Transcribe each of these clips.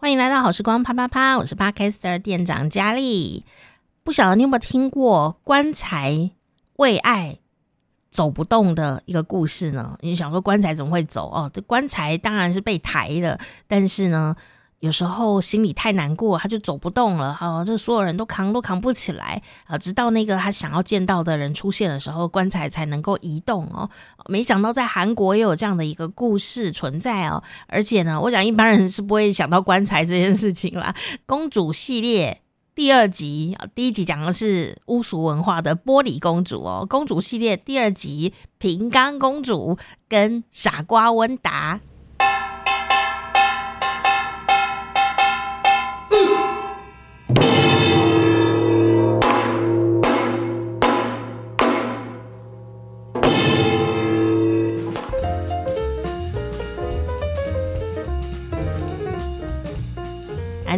歡迎來到好時光，啪啪啪！我是 Podcaster 店長佳麗。不曉得你有沒有聽過棺材為愛走不動的一個故事呢？你想說，棺材怎麼會走？哦，這棺材當然是被抬的，但是呢？有時候心裡太難過，他就走不動了哈，這、哦、所有人都扛都扛不起來啊，直到那個他想要見到的人出現的時候，棺材才能夠移動哦。沒想到在韓國也有這樣的一個故事存在哦，而且呢，我想一般人是不會想到棺材這件事情啦。公主系列第二集，第一集講的是巫俗文化的玻璃公主哦，公主系列第二集，平岡公主跟傻瓜溫達。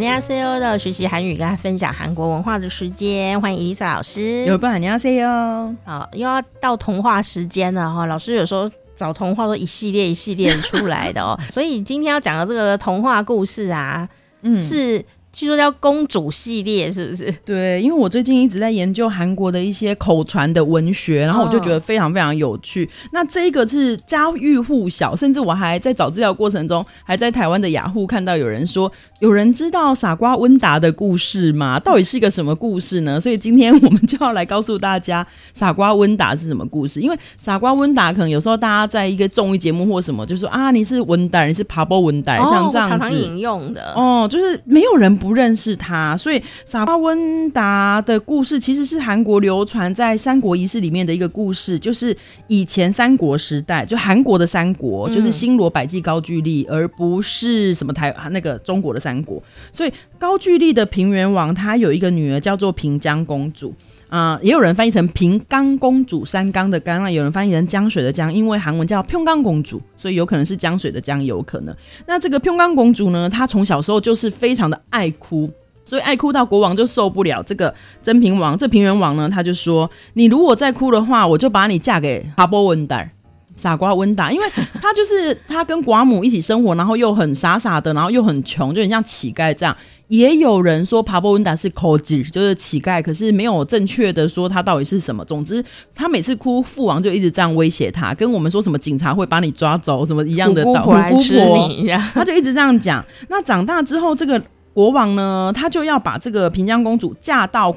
尼亞 CEO 的學習韓語，跟他分享韓國文化的時間，歡迎伊麗莎老師。有辦法尼亞 CEO，好，又要到童話時間了哈。老師有時候找童話都一系列一系列出來的哦、喔， 所以今天要講的這個童話故事啊，嗯、是。據說叫公主系列，是不是？對，因為我最近一直在研究韓國的一些口傳的文學，然後我就覺得非常非常有趣。嗯、那這一個是家喻戶曉，甚至我還在找資料過程中，還在台灣的雅虎、ah、看到有人說：“有人知道傻瓜溫達的故事嗎？”到底是一個什麼故事呢？所以今天我們就要來告訴大家傻瓜溫達是什麼故事。因為傻瓜溫達可能有時候大家在一個綜藝節目或什麼就說：“啊，你是溫達，你是爬坡溫達，哦、像這樣子。”常常引用的哦，就是沒有人。不認識他，所以傻瓜溫達的故事其實是韓國流傳在三國遺事裡面的一個故事，就是以前三國時代，就韓國的三國，嗯、就是新羅、百濟、高句麗，而不是什麼台那個中國的三國。所以高句麗的平原王，他有一個女兒叫做平江公主。啊、呃，也有人翻譯成平岡公主，山岡的岡，那有人翻譯成江水的江，因為韓文叫平岡公主，所以有可能是江水的江，有可能。那這個平岡公主呢，她從小時候就是非常的愛哭，所以愛哭到國王就受不了。這個真平王，這平原王呢，他就說，你如果再哭的話，我就把你嫁給哈波文達。傻瓜溫達，因為他就是他跟寡母一起生活， 然後又很傻傻的，然後又很窮，就很像乞丐這樣。也有人說爬坡溫達是 koji，就是乞丐，可是沒有正確的說他到底是什麼。總之，他每次哭，父王就一直這樣威脅他，跟我們說什麼警察會把你抓走，什麼一樣的倒。虎姑婆來吃你一樣 他就一直這樣講。那長大之後，這個國王呢，他就要把這個平江公主嫁到。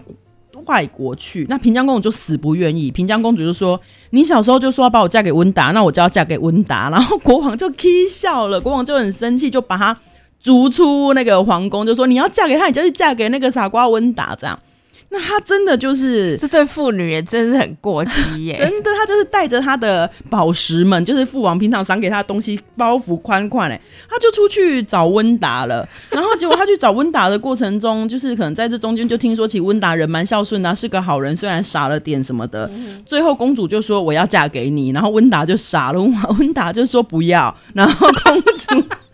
壞國去，那平江公主就死不願意。平江公主就說：“你小時候就說要把我嫁給溫達，那我就要嫁給溫達。”然後國王就氣笑了，國王就很生氣，就把他逐出那個皇宮，就說：“你要嫁給他，你就是嫁給那個傻瓜溫達。”這樣。那他真的就是這對父女也真是很過激耶！ 真的，他就是帶着他的寶石們，就是父王平常賞給他的東西包袱款款嘞，他就出去找溫達了。然後結果他去找溫達的過程中， 就是可能在這中間就聽說起溫達人蠻孝順啊，是個好人，雖然傻了點什麼的。嗯嗯，最後公主就說我要嫁給你，然後溫達就傻了，溫達就說不要，然後公主。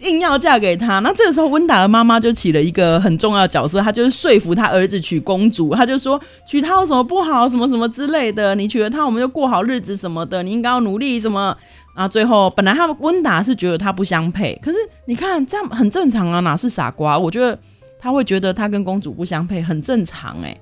硬要嫁給他，那這個時候溫達的媽媽就起了一個很重要的角色，她就是說服她兒子娶公主。她就說，娶她有什麼不好，什麼什麼之類的。你娶了她，我們就過好日子什麼的。你應該要努力什麼啊？最後本來他溫達是覺得她不相配，可是你看這樣很正常啊，哪是傻瓜？我覺得她會覺得她跟公主不相配，很正常欸。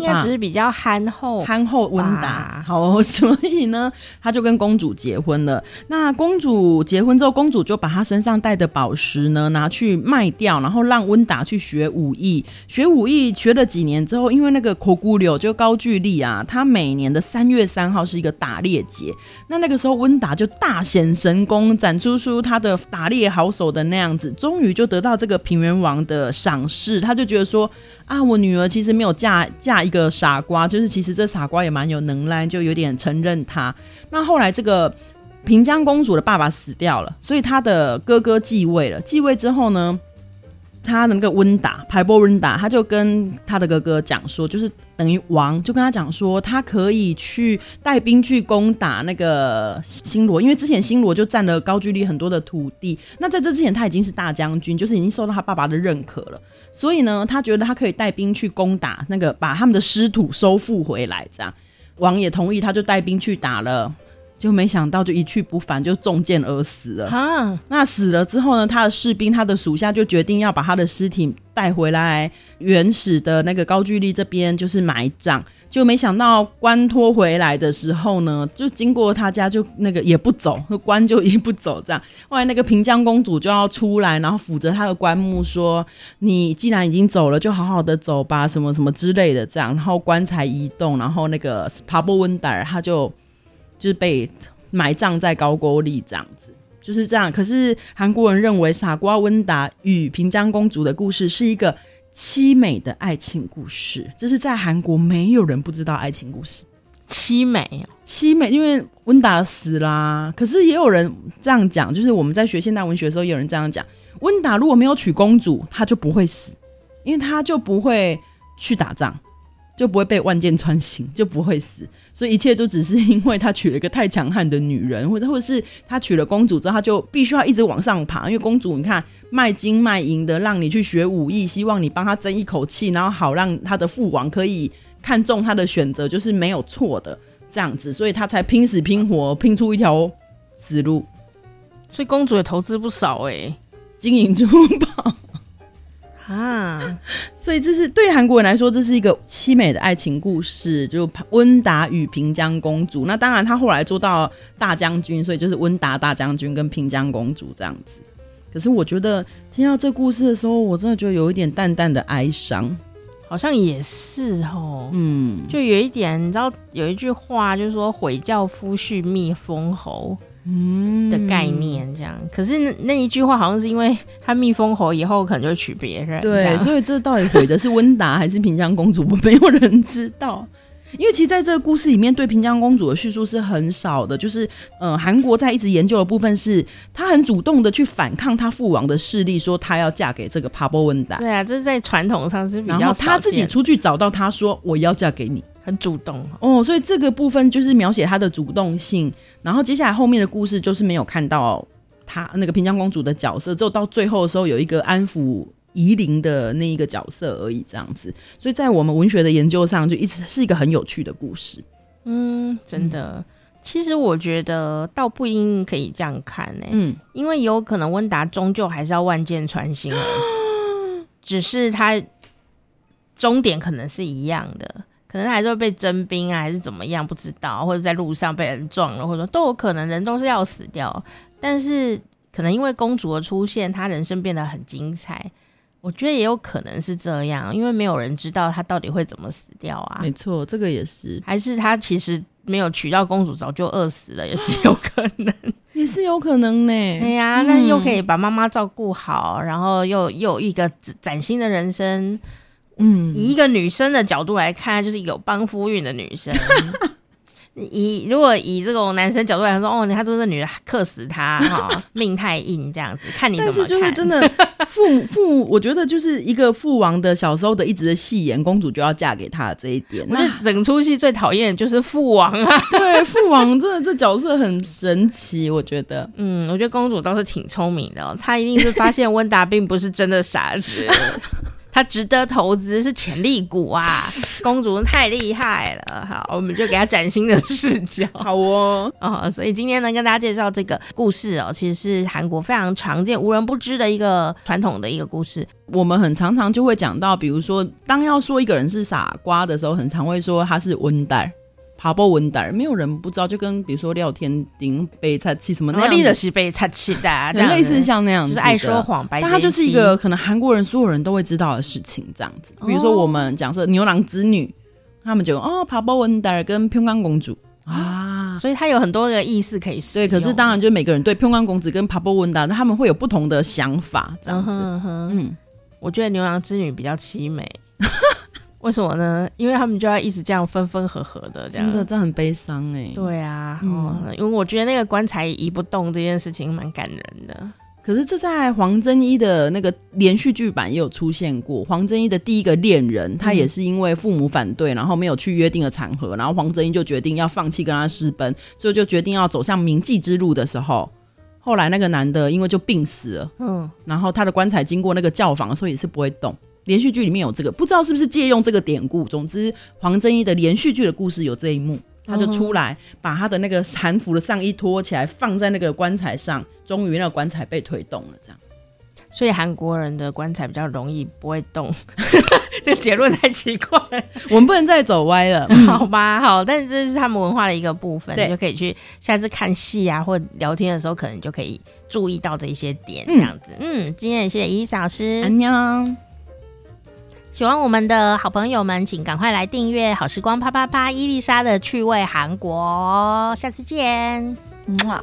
他只是比較憨厚、吧憨厚溫達，啊、好、哦，所以呢，他就跟公主結婚了。那公主結婚之後，公主就把她身上帶的寶石呢拿去賣掉，然後讓溫達去學武藝。學武藝學了幾年之後，因為那個考古柳就高句麗啊，他每年的三月三號是一個打獵節。那那個時候，溫達就大顯神功，展出出他的打獵好手的那樣子，終於就得到這個平原王的賞識。他就覺得說，啊，我女兒其實沒有嫁嫁一個傻瓜，就是其實這傻瓜也蠻有能耐，就有點承認他。那後來這個平江公主的爸爸死掉了，所以她的哥哥繼位了。繼位之後呢，她的那個溫達排波溫達，他就跟他的哥哥講說，就是等於王，就跟他講說，他可以去帶兵去攻打那個新羅，因為之前新羅就佔了高句麗很多的土地。那在這之前，他已經是大將軍，就是已經受到他爸爸的認可了。所以呢，他覺得他可以帶兵去攻打那個，把他們的失土收復回來。這樣，王也同意，他就帶兵去打了，就沒想到就一去不返，就中箭而死了。哈，那死了之後呢，他的士兵、他的屬下就決定要把他的屍體帶回來，原始的那個高句麗這邊就是埋葬。就沒想到棺拖回來的時候呢，就經過他家，就那個也不走，那棺就也不走這樣。後來那個平江公主就要出來，然後撫着他的棺木說：“你既然已經走了，就好好的走吧，什麼什麼之類的這樣。”然後棺材移動，然後那個傻瓜溫達他就就是被埋葬在高句麗這樣子，就是這樣。可是韓國人認為傻瓜溫達與平江公主的故事是一個。淒美的愛情故事，這是在韓國沒有人不知道愛情故事，淒美、啊，淒美，因為溫達死啦、啊。可是也有人這樣講，就是我們在學現代文學的時候，也有人這樣講：溫達如果沒有娶公主，他就不會死，因為他就不會去打仗。就不會被萬箭穿心，就不會死，所以一切都只是因為他娶了一個太強悍的女人，或者或者是他娶了公主之後，他就必須要一直往上爬，因為公主你看賣金賣銀的，讓你去學武藝，希望你幫他爭一口氣，然後好讓他的父王可以看中他的選擇，就是沒有錯的這樣子，所以他才拼死拼活拼出一條死路。所以公主也投資不少誒、欸，金銀珠寶。啊， 所以這是對韓國人來說，這是一個淒美的愛情故事，就溫達與平江公主。那當然，他後來做到大將軍，所以就是溫達大將軍跟平江公主這樣子。可是我覺得聽到這故事的時候，我真的覺得有一點淡淡的哀傷，好像也是哦。嗯，就有一點，你知道有一句話就是說“悔教夫婿覓封侯”。嗯的概念這樣，嗯、可是那那一句話好像是因為他密封侯以後可能就娶別人，對，所以這到底毀的是溫達還是， 還是平江公主，我沒有人知道。因為其實在這個故事裡面，對平江公主的敘述是很少的。就是呃，韓國在一直研究的部分是，他很主動的去反抗他父王的勢力，說他要嫁給這個帕波溫達。對啊，這是在傳統上是比較少的，然後他自己出去找到他說，我要嫁給你。很主動哦，所以這個部分就是描寫她的主動性。然後接下來後面的故事就是沒有看到她那個平江公主的角色，之後到最後的時候有一個安撫夷陵的那一個角色而已，這樣子。所以在我們文學的研究上，就一直是一個很有趣的故事。嗯，真的，嗯、其實我覺得倒不一定可以這樣看呢、欸。嗯，因為有可能溫達終究還是要萬箭穿心而死， 只是他終點可能是一樣的。可能還是會被徵兵啊，還是怎麼樣？不知道，或者在路上被人撞了，或者說都有可能。人都是要死掉，但是可能因為公主的出現，他人生變得很精彩。我覺得也有可能是這樣，因為沒有人知道他到底會怎麼死掉啊。沒錯，這個也是。還是他其實沒有娶到公主，早就餓死了，也是有可能。也是有可能呢。哎呀、 啊，那、嗯、又可以把媽媽照顧好，然後又又有一個嶄新的人生。嗯，以一個女生的角度來看，就是一個有幫夫運的女生。 以如果以這種男生角度來說，哦，你看，都是女的克死他，哈、哦， 命太硬，這樣子。看你怎麼看，但是就是真的父父， 我覺得就是一個父王的小時候的一直的戲言，公主就要嫁給他這一點。那整出戲最討厭的就是父王啊， 對，父王真的這角色很神奇，我覺得。 嗯，我覺得公主倒是挺聰明的、哦，她一定是發現溫達並不是真的傻子。 他值得投資，是潛力股啊！公主太厲害了，好，我們就給她嶄新的視角。好哦，啊、哦，所以今天呢，跟大家介紹這個故事哦，其實是韓國非常常見、無人不知的一個傳統的一個故事。我們很常常就會講到，比如說，當要說一個人是傻瓜的時候，很常會說他是溫達爬坡溫達，沒有人不知道，就跟比如說廖添丁、白賊七什麼那，哪裡的是白賊七的，類似像那樣子，就是愛說謊。的白但他就是一個可能韓國人所有人都會知道的事情，這樣子。比如說我們假設牛郎織女，哦、他們就哦爬坡溫達跟平江公主啊，啊所以它有很多的意思可以。對，可是當然就每個人對平江公主跟爬坡溫達，他們會有不同的想法，這樣子。呵呵嗯，我覺得牛郎織女比較淒美。 為什麼呢？因為他們就要一直這樣分分合合的，這樣真的這很悲傷哎、欸。對啊、嗯哦，因為我覺得那個棺材移不動這件事情蠻感人的。可是這在黃真伊的那個連續劇版也有出現過。黃真伊的第一個戀人，他也是因為父母反對，然後沒有去約定的場合，嗯、然後黃真伊就決定要放棄跟他私奔，所以就決定要走向冥界之路的時候，後來那個男的因為就病死了，嗯，然後他的棺材經過那個教坊，所以也是不會動。連續劇裡面有這個，不知道是不是借用這個典故。總之，黃真伊的連續劇的故事有這一幕，他就出來把他的那個韓服的上衣脫起來，放在那個棺材上，終於那個棺材被推動了，這樣。所以韓國人的棺材比較容易不會動， 這個結論太奇怪， 我們不能再走歪了， 嗯、好吧？好，但是這是他們文化的一個部分，對你就可以去下次看戲啊，或聊天的時候，可能就可以注意到這些點，這樣子。嗯，嗯，今天也謝謝伊麗老師，安妞。喜歡我們的好朋友們，請趕快來訂閱《好時光啪啪啪》伊麗莎的趣味韓國，下次見，嗯啊